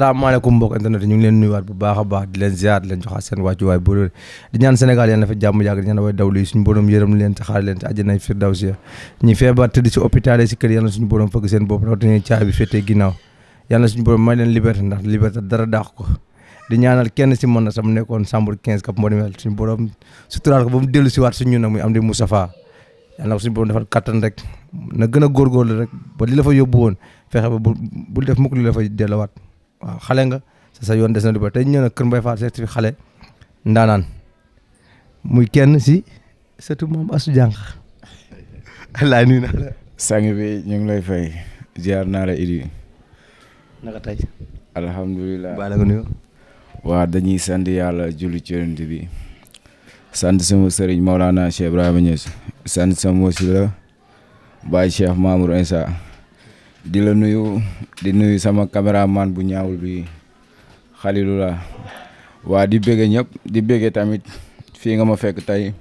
salaamaaleykum mbokk internet ñu ngi leen nuyuwaat bu baax a baax di leen ziar di leen joxaat seen wàccuwaay bu rëy di ñaan Sénégal yàlla na fa jàmm yàgg di ñaan way daw yi suñu borom yërëm leen te xaar leen te àjjana firdawsi ñi feebar si hôpital yi suñu borom fëgg seen bopp rawatina caabi ñaanal kenn si mën na sama nekkoon chambre 15 cap manuel suñu borom suturaal ko ba mu dellu si waat suñu nag muy am di Moustapha yàlla na suñu borom defal kattan rek na gën a góorgóorlu rek ba li la fa yóbbu woon fexe ba bu def mukk li la fa delluwaat waaw xale nga sa yoon des na lu ba tey ñëw na Kër Mbaye Fall certifié xale muy kenn si surtout moom Asou Diankh laa nuyu naa la. sang bi ñu ngi lay fay ziar naa la Idi. naka tey. alhamdulilah baala nga nuyoo. waa dañuy sant yàlla julli ci yonent bi. sant sama sëriñ Maulana Cheikh Ibrahima Niass. sant sama wasila Baye Cheikh Mamour di la nuyu di nuyu sama caméraman bu ñaawul bi xalilu la waa di bëgge ñëpp di bëgge tamit fii nga ma fekk tey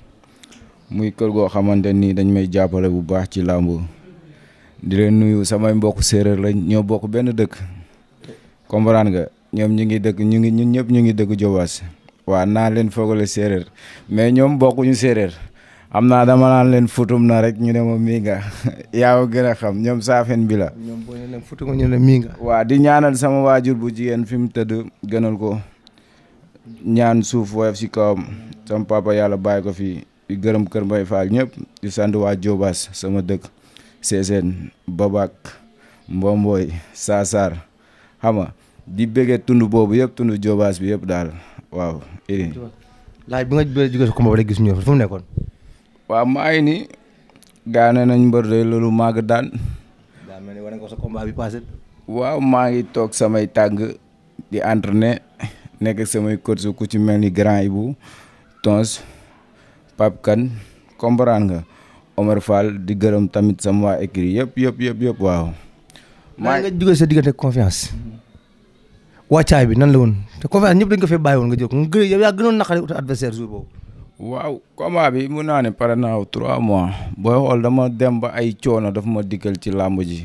muy kër goo xamante nii dañ may jàppale bu baax ci làmb di leen nuyu samay mbokk séeréer lañ ñoo bokk benn dëkk comprendre nga ñoom ñu ngi dëkk ñu ngi ñun ñëpp ñu ngi dëkk Jobaas waa naa leen foogale séeréer mais ñoom bokkuñu séeréer am naa dama leen futum na rek ñu ne ma mii nga yaa gën a xam ñoom saafeen bila ñoom boo ne leen futum ñu ne mii nga. waa di ñaanal sama waajur bu jigéen fi mu tëdd gënal ko ñaan suuf woyof si kawam sama papa yàlla bàyyi ko fi di gërëm kër Mbay Faal ñëpp di sant waa Jobaas sama dëkk Seeseen Babak Mbomboy Saasar xam nga di bëggee tund boobu yëpp tund Jobaas bi yëpp daal waaw. Eh. laaj bi nga bëggee jógee si combat rek gis ñu fa fu mu nekkoon. waaw maa ni nii. nañ mbër de loolu màgg daan. daa mel ni war nga ko sa combat waaw maa ngi toog samay tàng di entraîner nekk samay coach ku ci mel ni grand Ibou Tons Pape Kane comprendre nga Omar Fall di gërëm tamit sama waa écrit yëpp yëpp yëpp yëpp waaw. maa nga jóge sa diggante confiance. wàccaay bi nan la woon te confiance ñëpp dañ ko fee bàyyi woon nga jóg nga yow yaa gënoon naqari ut adversaire jour boobu. waaw combat bi mun naa ne pare naaw trois mois booy xool dama dem ba ay coono daf ma dikkal ci làmb ji.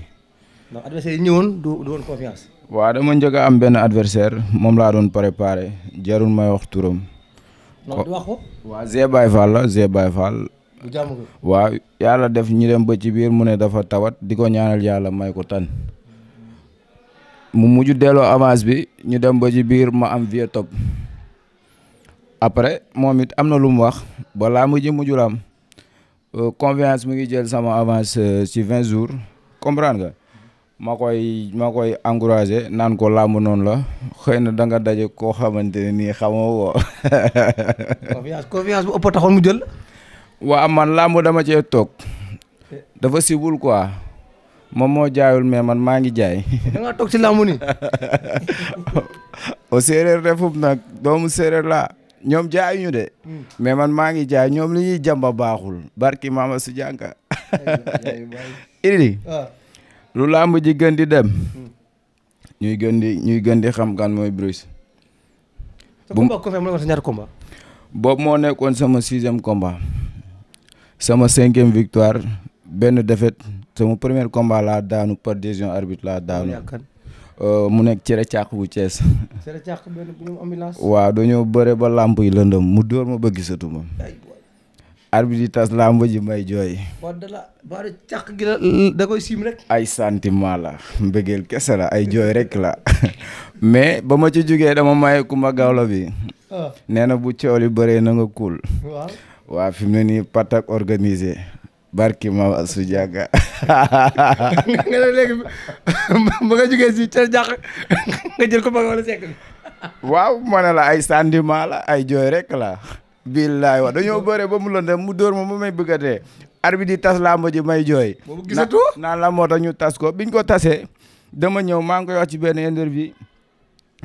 non adversaire yi ñëwoon du du woon dama njëkk a am benn adversaire moom laa doon préparé jarul may wax turam. non du wax ko. waaw Zé la Zé Baye Fall. yàlla def ñu dem ba ci biir mu ne dafa tawat di ko ñaanal yàlla may ko tan mu mujj delloo avance bi ñu dem ba ci biir ma am vieux après moom it am na lu mu wax balaa mu ji mujjul am euh, confiance mu ngi jël sama avance si euh, vingt jours comprendre nga ma koy ma koy encouragé naan ko làmb noonu la xëy na da nga daje koo xamante ne nii xamoo ko. confiance confiance bu ëpp taxoon mu jël. waa man làmb dama cee toog dafa sibul quoi. moom moo jaayul mais man maa ngi jaay. da toog ci làmb ni. au séeréer refub nag doomu séeréer laa. ñoom jaayuñu de. Hmm. mais man maa ngi jaay ñoom li ñuy jàmba baaxul. barki maama si jànka. idi ah. lu làmb ji gën di dem. Hmm. ñuy gën di ñuy gën di xam kan mooy Bruce. bu boobu moo nekkoon sama sixième combat. sama cinquième victoire benn défaite sama première combat laa daanu par décision arbitre laa daanu. Euh, mu nekk cere càq bu Thiès. cere càq benn bu ambulance. bëre ba làmp yi lëndëm mu dóor ma ba gisatuma. arbitre di tas làmb ji may jooy. waaw da la ba càq la da koy ay sentiment la mbëggeel kese la ay jooy rek la mais ba ma ci jógee dama maye Kumba Gawlo bi. Ah. nee na bu coow li bëree na nga kuul. waaw fi mu ne nii patak organisé. barki maam su jàgga nga si ca jàq nga jël ko ba nga wala sekk ma ne ay sentiment la ay jooy rek la billaay wax dañoo bëre ba mu lëndëm mu dóor ma ba may bëgg a dee di tas làmb ji may jooy boobu gisatu naan la moo ñu tas ko biñ ko tasee dama ñëw maa ngi koy wax ci benn interview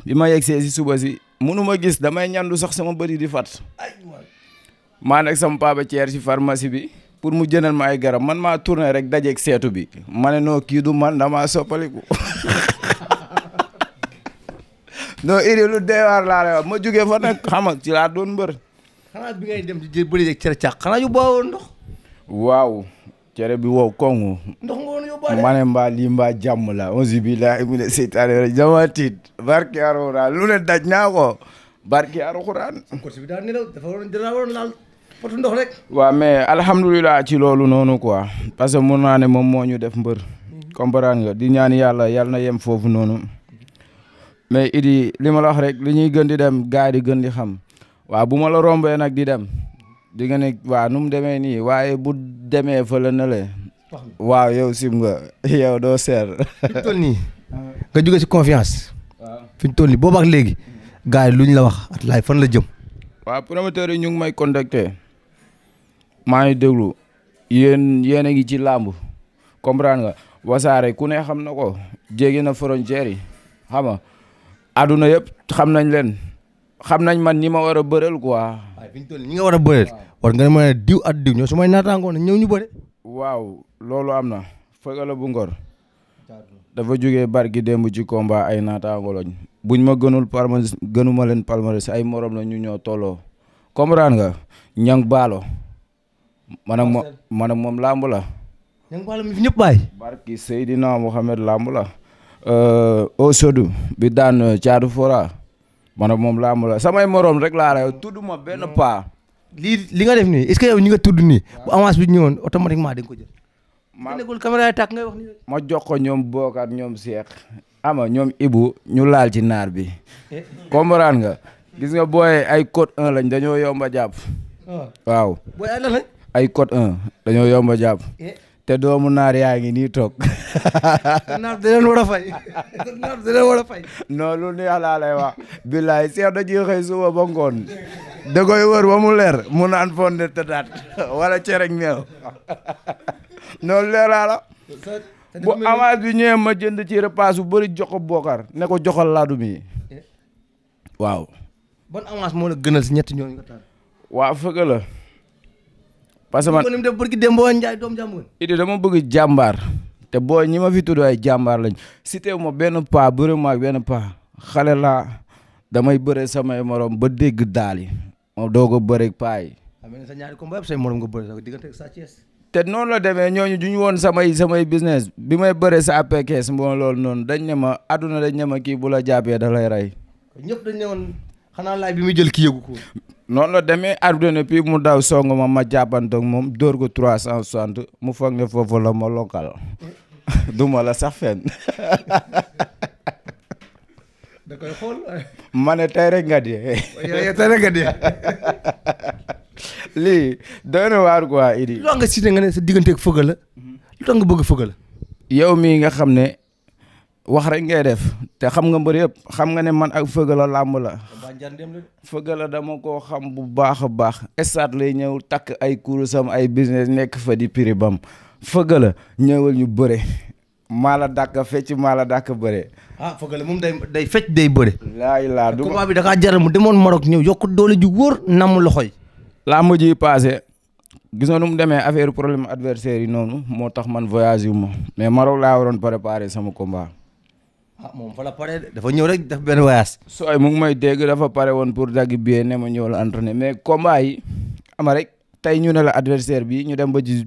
bi ma yegsee si suba si munu ma gis damay ñandu sax sama bëri di fat maa nekk sama papa Thier si pharmacie bi pour mu jënal ma ay garab man maa tourné rek da seetu bi ma noo kii du man damaa soppaliku non idi lu deewaar laa lay ma jógee fa nag xam nga ci laa doon mbër xanaa bi ngay dem di jël cere bi wow koŋŋu ndox nga lii mbaa jàmm la auzu billahi mina seytaani rajiim dama tiit barki Alxuraan lu ne daj naa ko barki Alxuraan bi potu ndox rek. waaw mais alhamdulilah ci loolu noonu quoi parce que mun naa ne moom moo ñu def mbër. comprendre nga di ñaan yàlla yàlla na yem foofu noonu. mais idi li ma la wax rek li ñuy gën di dem gars di gën di xam waaw bu ma la rombee nag di dem di nga ne waa nu mu demee nii waaye bu demee fële na le waaw yow sim nga yow doo seer. nga jóge si confiance. fi ñu toll nii boobu ak léegi. gars yi lu ñu la wax at laay fan la jëm. waaw promoteurs yi ñu may contacter. maa ngi déglu yéen yéen a ngi ci làmb comprendre nga wasaare ku ne xam na ko jéggi na frontière yi xam nga àdduna yëpp xam nañ leen xam nañ man ñi ma war a bëreel quoi. waaye fi ñu nga war a bëreel. war nga mën a diw at diw ñoo su may naataangoo na ñëw ñu bëre. waaw loolu am na fëgala bu ngor. dafa jógee barki démb ci combat ay naataango lañ buñ ma gënul palmarès gënuma leen palmarès ay morom la ñu ñoo tolloo comprendre nga ñang baalo man ak moom man ak moom làmb la. yaa ngi wàllum ñëpp bàyyi. barki Seydina Mohamed làmb la. au euh, sodu bi daan caadu euh, fora mana moom làmb la samay morom rek laa rey tudduma benn paa. lii li nga def nii est-ce que ñi nga tudd nii. bu avance bi ñëwoon automatiquement da nga ko ma nekkul caméra yi tàkk ngay ma jox ko ñoom bookaat ñoom Cheikh. ama ñoom Ibu ñu laal ci naar bi. Eh. comprendre nga. gis nga booy ay code lañ dañoo yomba jàpp. Oh. waaw ay code 1 dañoo yomb a jàpp eh. te doomu naar yaa ngi nii toog. naar a a fay. non lu neex laa lay wax. billaay seex da ciy xëy suba wër ba mu leer mu naan fonde tëddaat wala cereñ meew noonu leeraa la. bu bi ñëwee ma jënd ci repas bu bëri jox ko bookar ne ko joxal laadum yi eh. waaw. ban avance moo la gënal si ñetti ñooñu waa fëgg parce que man ni mu def barki Demba Ndiaye doomu jàmbur. Idi dama bëgg jàmbaar te boo ñi ma fi tudd ay jàmbaar lañ cité ma benn paa bëre ma benn paa xale la damay bëre samay morom ba dégg daal yi ma doog a bëre paa yi. sa ñaari combat say morom nga bëre sa sa Thiès te noonu la demee ñooñu duñu woon samay samay business bi may bëre sa APKS moo loolu noonu dañ ne ma àdduna dañ ne ma kii bu la jàppee da lay rey. ñëpp dañ ne woon xanaa laay bi muy jël ki demee ne puis mu daw song ma ma jàppantoog moom dóor ko trois cent soixante mu foog foofu la ma lokal duma la sax fen da koy nga dee. lii doy na waar quoi Idi. loo nga cité nga ne sa digganteeg fëgg la. Mhm. lu nga bëgg fëgg la. mii nga xam ne wax rek ngay def te xam nga mbër yëpp xam nga ne man ak Feugeula làmb la. Feugeula dama koo xam bu baax a baax. stade lay ñëw takk ay kurusam ay business nekk fa di prix bam Feugeula ñëwal ñu bëre. maa la dàkk fecc maa la dàkk bëre. ah Feugeula moom day day fecc day bëre. laay laa du combat bi da kaa jaral mu demoon Maroc ñëw yokk doole ju wóor namm loxo yi. làmb ji passé gisoon nga mu demee affaire problème adversaire yi noonu moo tax man voyage yu mais Maroc laa waroon préparer sama combat. ah moom fa la pare dafa ñëw rek def benn voyage. sooy mu ngi may dégg dafa pare woon pour dagg billet ne ma ñëw la entraîné mais kombaay yi ama rek tey ñu ne la adversaire bi ñu dem ba ji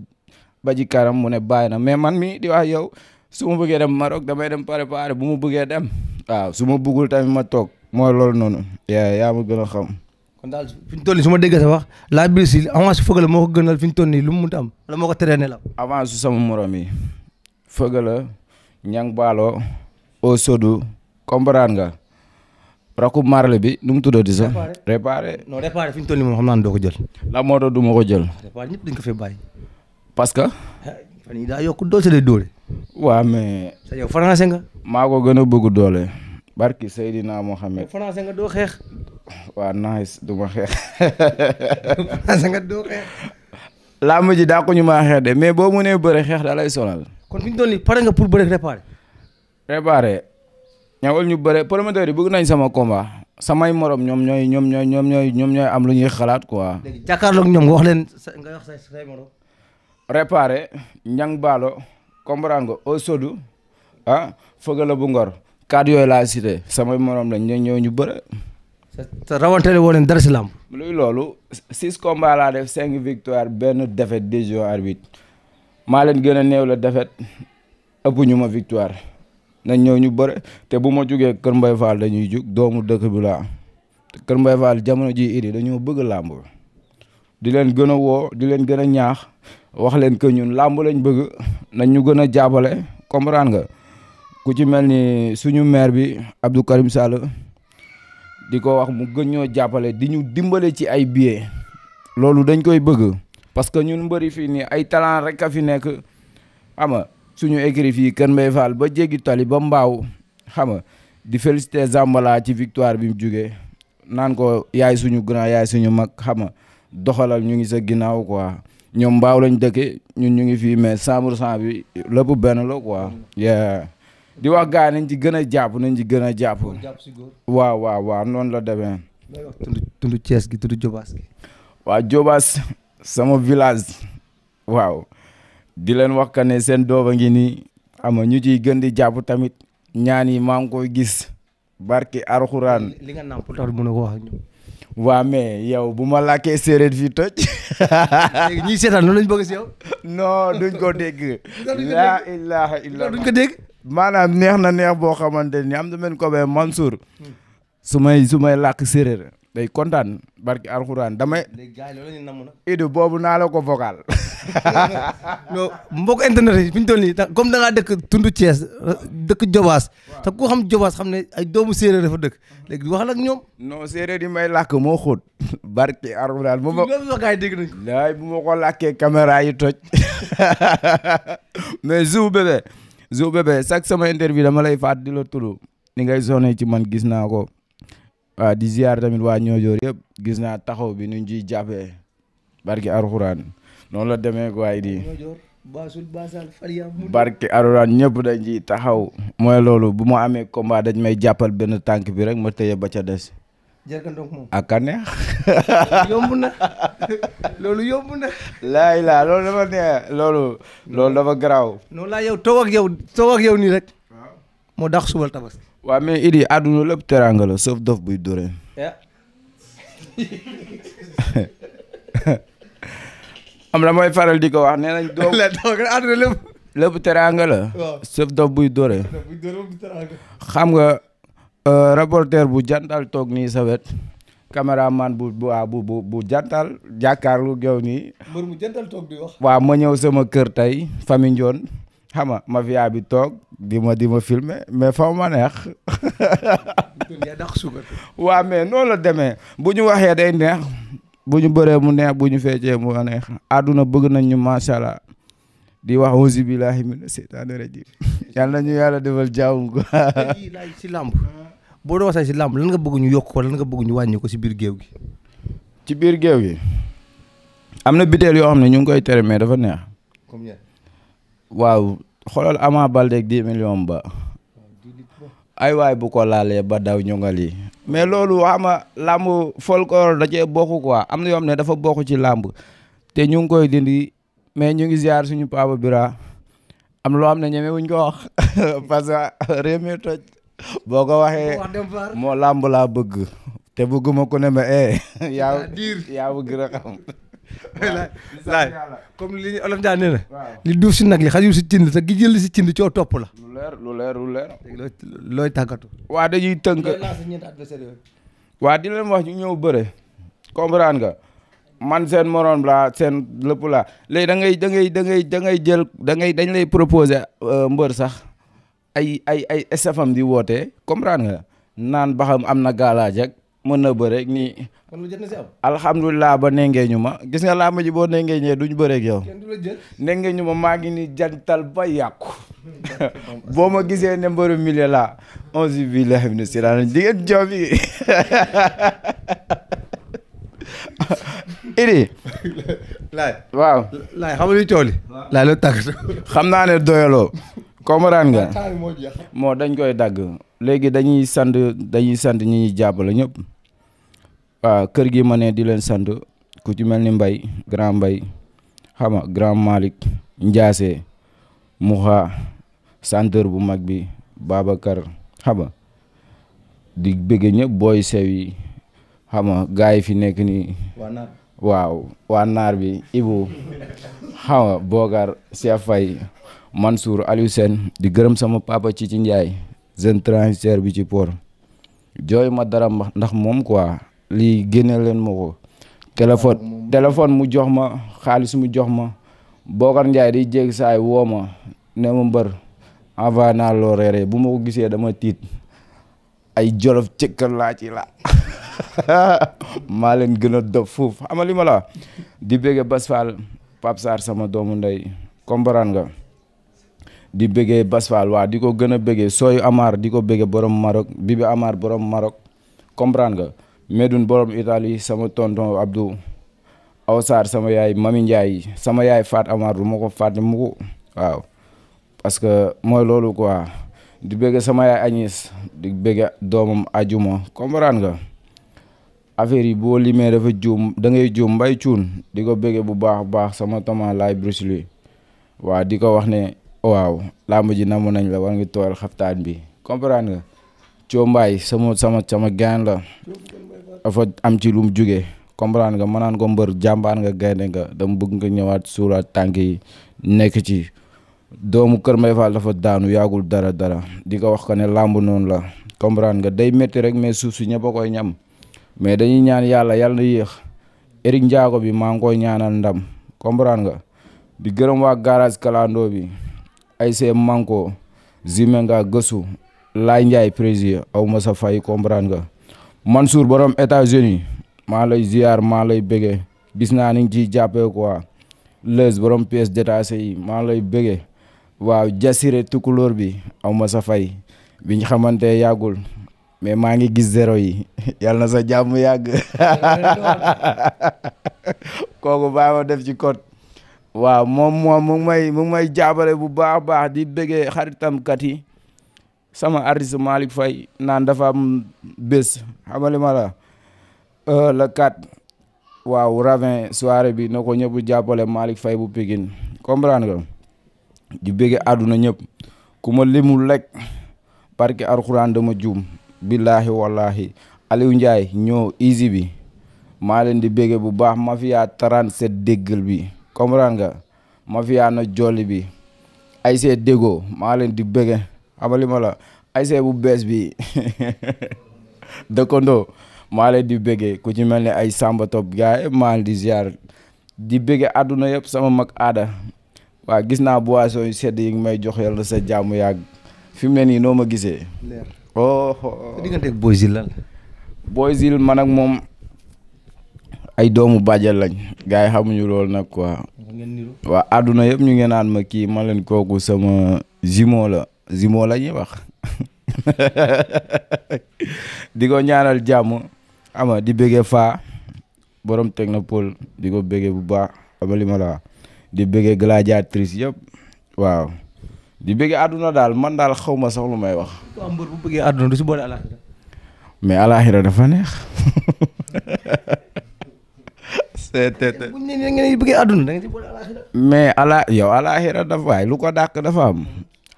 ba ji karam mu ne bàyyi na mais man mi di wax yow su ma bëggee dem Maroc damay dem préparer bu mu bëggee dem. waaw su ma bëggul tamit ma toog mooy loolu noonu. yaa yaa ma gën a xam. kon daal fi ñu toll su ma déggee sa wax la Brésil avance Feugeula moo ko gënal fi ñu toll nii lu mu mënta am wala moo ko traîné la. avance sama morom yi Feugeula au oh, sodu comprendre nga rakub marle bi nu mu tuddati sax. réparé non fi ñu toll nii xam naa ne doo ko jël. la moo tax du jël. ñëpp dañ ko fee bàyyi. parce que. Eh, fan yii daa yokk doole sa doole. waaw nga. maa gën a bëgg doole. barki Seydina Mohamed. français nga doo xeex. waaw nga doo xeex. làmb ji daa ko ñu maa xeex de mais boo mënee bëre xeex da lay sonal. kon fi ñu toll pare nga pour bëre réparé. préparé ñaawul ñu bëre promoteur yi bëgg nañ sama combat samay moroom ñoom ñooy ñoom ñooy ñoom ñooy ñoom ñooy am lu ñuy xalaat quoi. léegi jàkkaarloog ñoom nga wax leen nga wax say morom. préparé njang baalo comprendre nga osodu ah fëgala bu ngor kàddu yooyu laa cité samay moroom lañ ñoo ñëw ñu bëre. te rawante woo leen dara si lamb luy loolu six combats laa def cinq victoire benn défaite décision arbitre maa leen gën a néew la défaite ëpp ñu ma victoire. nañ ñëw ñu bëre te bu ma jógee Kër Mbaye Fall dañuy jug doomu dëkk bi laa Kër Mbaye Fall jamono ji idi dañoo bëgg làmb di leen gën a woo di leen gën a ñaax wax leen que ñun làmb lañ bëgg nañ ñu gën a jàppale comprendre nga ku ci mel ni suñu maire bi Abdou Karim Sall di ko wax mu gën ñoo jàppale di ñu dimbale ci ay billets loolu dañ koy bëgg parce que ñun mbëri fii nii ay talent rek a fi nekk ama suñu écrit fii Kër Mbaye Fall ba jéggi tali ba mbaaw xam nga di féliciter Zambala ci victoire bi mu jugee naan ko yaay suñu grand yaay suñu mag xam nga doxalal ñu ngi sa ginnaaw quoi ñoom mbaaw lañ dëkke ñun ñu ngi fii mais cent pour cent bi lépp benn la quoi. di wax gars nañ ci gën a jàpp nañ ci gën a jàpp. waaw waaw waaw noonu la demee. tudd tudd gi tudd Jobaas gi. waa Jobaas sama village waw di leen wax que seen doom a ngi nii xam nga ñu ciy gën di jàpp tamit ñaan yi maa koy gis barki arxuraan. li nga naan pour tax mën a waa mais yow bu ma làkkee séeréer fii toj. léegi ñiy seetaan noonu lañ bëgg si yow. non duñ ko dégg. laa ilaha illa duñ ko maanaam neex na neex boo xamante ni am na men ko be Mansour. Hmm. su may su may làkk séeréer. day kontaan barki alxuraan damay. léegi gars yi loolu la boobu naa la ko vocal. non mbokk internet yi fi ñu toll nii comme da dëkk tund Thiès dëkk Jobaas. te ku xam Jobaas xam ne ay doomu séeréer dafa dëkk léegi wax la ak ñoom. non séeréer yi may làkk moo xóot. barki alxuraan bu ma loolu wax gars yi dégg nañ ko. laay bu ma ko làkkee caméra yi toj. mais Zou bébé Zou bébé chaque sama interview dama lay faat di la tudd. ni ngay yi ci man gis naa ko. waaw di ziar tamit waa ñoojoor yëpp gis naa taxaw bi nu ciy jàppee barki arxuraan noonu la demee waaye di barki arxuraan ñëpp dañ ciy taxaw mooy loolu bu mu amee combat dañ may jàppal benn tànk bi rek ma tëye ba ca des ak a neex yomb na loolu yomb na laay laa loolu dafa neex loolu loolu dafa garaaw noonu laa yow toog ak yow toog ak yow nii rek moo dax subal tabaski waa mais Idi àdduna lépp teraanga la sauf na mooy faral di ko wax nee nañ. doom àdduna lépp. teraanga la. sauf dof buy dóore. xam nga euh, reporter bu jantal toog nii sa wet. caméraman bu bu ah, bu bu jantal jàkkaarlu nii. mbër mu jantal toog ma ñëw sama kër tey famille Ndione. xam nga mafia bi toog di ma di ma filmer mais fa ma neex. waaw mais noonu la demee bu ñu waxee day neex bu ñu bëree mu neex bu ñu feccee mu neex àdduna bëgg nañ ñu macha allah di wax auzu billahi mina seytaani rajim yàlla nañu yàlla defal jàmm ko. laaj si boo doon waxee si làmb lan nga bëgg ñu yokk ko lan nga bëgg ñu wàññi ko si biir géew gi. ci biir géew gi. am na biteel yoo xam ne ñu ngi koy tere mais dafa neex. waaw xoolal Ama Baldé 10 millions ba ay waay bu ko laalee ba daw ñu yi lii mais loolu xama làmb folklore da cee bokk quoi am na yoo xam ne dafa bokk ci làmb te ñu ngi koy dindi mais ñu ngi ziar suñu Papa Bira am loo xam ne ñeme wuñ ko wax toj boo ko waxee moo làmb laa bëgg te bëgguma ku ne ma eh yaa yaa bëgg a laay comme li olof Ndiaye nee na. li duuf si nag li xajul si cind te gi jël si cind coo topp la. lu leer lu leer looy tàggatu. waa dañuy tënk. waa di leen wax ñu ñëw bëre. comprendre nga man seen morom laa seen lépp laa léegi da ngay dangay dangay dangay ngay da ngay dañ lay proposer euh, mbër sax ay ay ay SFM di woote comprendre nga naan baxam am na gaalaaj ak mën na bëre nii. kon alhamdulilah ba nengee ñu ma gis nga làmb ji boo nengee ñëwee duñ bëreeg yow. kenn du ñu ma maa ngi nii jantal ba yàqu. boo ma gisee ne mbëru milieu la onze billahi mina laay xam naa ne doyaloo comprendre nga moo dañ koy dagg léegi dañuy sant dañuy sant ñi ñuy jàppale ñëpp waaw kër gi ma ne di leen sant ku ci mel ni mbay grand Mbaye xama grand Malick Ndiassé Mouha centre bu mag bi Babacar xama di bëgg ñëpp booy sew yi xama gars fi nekk nii waaw waa naar bi Ibu xama Bokar Cheikh Faye Mansour Aliou Sène di gërëm sama papa ci ci Ndiaye jeune transitaire bi ci port jooy ma dara ndax moom quoi lii génneel leen ma ko téléfon téléphone mu jox ma xaalis mu jox ma Bokar Ndiaye di jéggi saay woo ma ne ma mbër avant naa loo reeree bu ma ko gisee dama tiit ay jolof cëkkal laa ci la maa leen gën a dof foofu xam li ma di bëggee Bas sama doomu ndey comprendre di bëggee Bas waa di ko gën a bëggee sooyu Amar di ko bëggee borom Maroc Bibi Amar borom Maroc comprendre nga Medoune borom Italie sama tonton Abdou Aw Sarr sama yaay Mami Ndiaye sama yaay Faat Amar du ma ko fàtte mu ko waaw parce que mooy loolu quoi di bëgg sama yaay Agnes di bëgg doomam ajuma comprendre nga affaire yi boo limee dafa juum da ngay juum mbay cuun di ko bëgg bu baax baax sama toma laay Bruce Lee waaw di ko wax ne waaw làmb ji namu nañ la war nga tooyal xaftaan bi comprendre nga coombaay sama sama sama gaan la dafa am ci lu mu jugee comprendre nga manaan ko mbër jàmbaar nga gaynde nga da bëgg nga ñëwaat suuraat tànk yi nekk ci doomu Kër Mbaye Fall dafa daanu yaagul dara dara di ko wax ko ne làmb noonu la comprendre nga day métti rek mais suuf si ñëpp a koy ñam mais dañuy ñaan yàlla yàlla na yéex Eric Ndiago bi maa ngi ñaanal ndam comprendre nga di gërëm waa garage kalandoo bi ay see manko zimenga gësu lay njaay président aw ma fay comprendre nga Mansour borom États-Unis maa lay ziar maa lay bëggee gis naa ni nga ciy jàppee quoi les borom pièces détachées yi maa lay bëggee waaw jasire tukulóor bi aw ma sa fay bi ñu xamante yàggul mais maa ngi gis zéro yi yàlla na sa jàmm yàgg kooku baa ma def ci code waaw moom moom mu may mu may jaabale bu baax baax di bëggee xaritamkat yi sama artiste Malick Faye naan dafa am bés xamali ma la euh, le 4 ravin soirée bi na ko ñëpp jàppale Malick Faye bu Pikine comprendre nga di bëgg àdduna ñëpp ku ma limul lekk barke alxuraan dama juum billaahi wallaahi Aliou Ndiaye ñoo easy bi maa leen di bëgg bu baax mafia 37 déggal bi comprendre nga mafia na jolli bi ay see déggoo maa di bëgg xamali ma la ASC bu bees bi dëkkandoo maa leen di bëggee ku ci mel ni ay Samba Top gars yi maa di ziar di bëggee àdduna yëpp sama mag aada waa gis naa boisson sedd yi may jox yàlla sa jàmm yàgg fi mu ne nii noo ma gisee. oh oh digganteeg man ak moom ay doomu bàjjal lañ gars yi xamuñu lool nag quoi. waaw àdduna yëpp ñu ngi naan ma kii ma leen kooku sama jumeau la. Zimo la ñuy wax di ko ñaanal jàmm ama di bëggee faa borom technopole di ko bëggee bu baax ama li ma la di bëggee gladiatrice yëpp waaw di bëggee àdduna daal man daal xaw ma sax lu may wax. waaw mbër bu bëggee àdduna du si boole alaaxira mais alaaxira dafa neex. c'est buñ ne ngeen bëggee àdduna da ngeen si boole alaaxira mais ala yow alaaxira dafa waay lu ko dàq dafa am.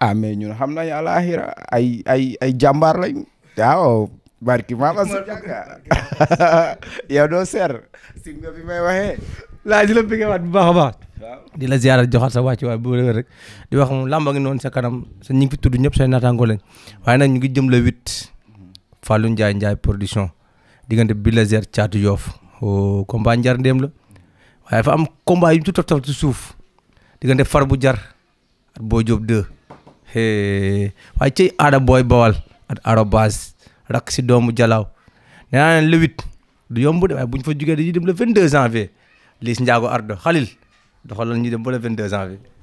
ah mais ñun xam nañ alaxira ay ay ay jàmbaar lañ waaw barki maa ma si yow doo seer si nga may waxee laa di la bëggewaat bu baax a baax di la ziarat joxaat sa wàcc waay bu wér rek di wax moom làmba ngi noonu sa kanam sa ñi ngi fi tudd ñëpp say naataango lañ waaye nag ñu ngi jëm le huit mm-hmm. Fallou Ndiaye Ndiaye production diggante Bilazer Thiatou Yoff oh, combat njar ndéem la waaye dafa am combat yu ñu ci suuf ci suuf diggante far bu jar at boo job deux waaye cey aada booy bawal at arobase rak si doomu jalaw nee naa leen le huit du yomb bu ñu fa jugee dañuy dem le vingt deux janvier Liss Ndiago Ardo Khalil doxalal ñuy dem ba vingt deux janvier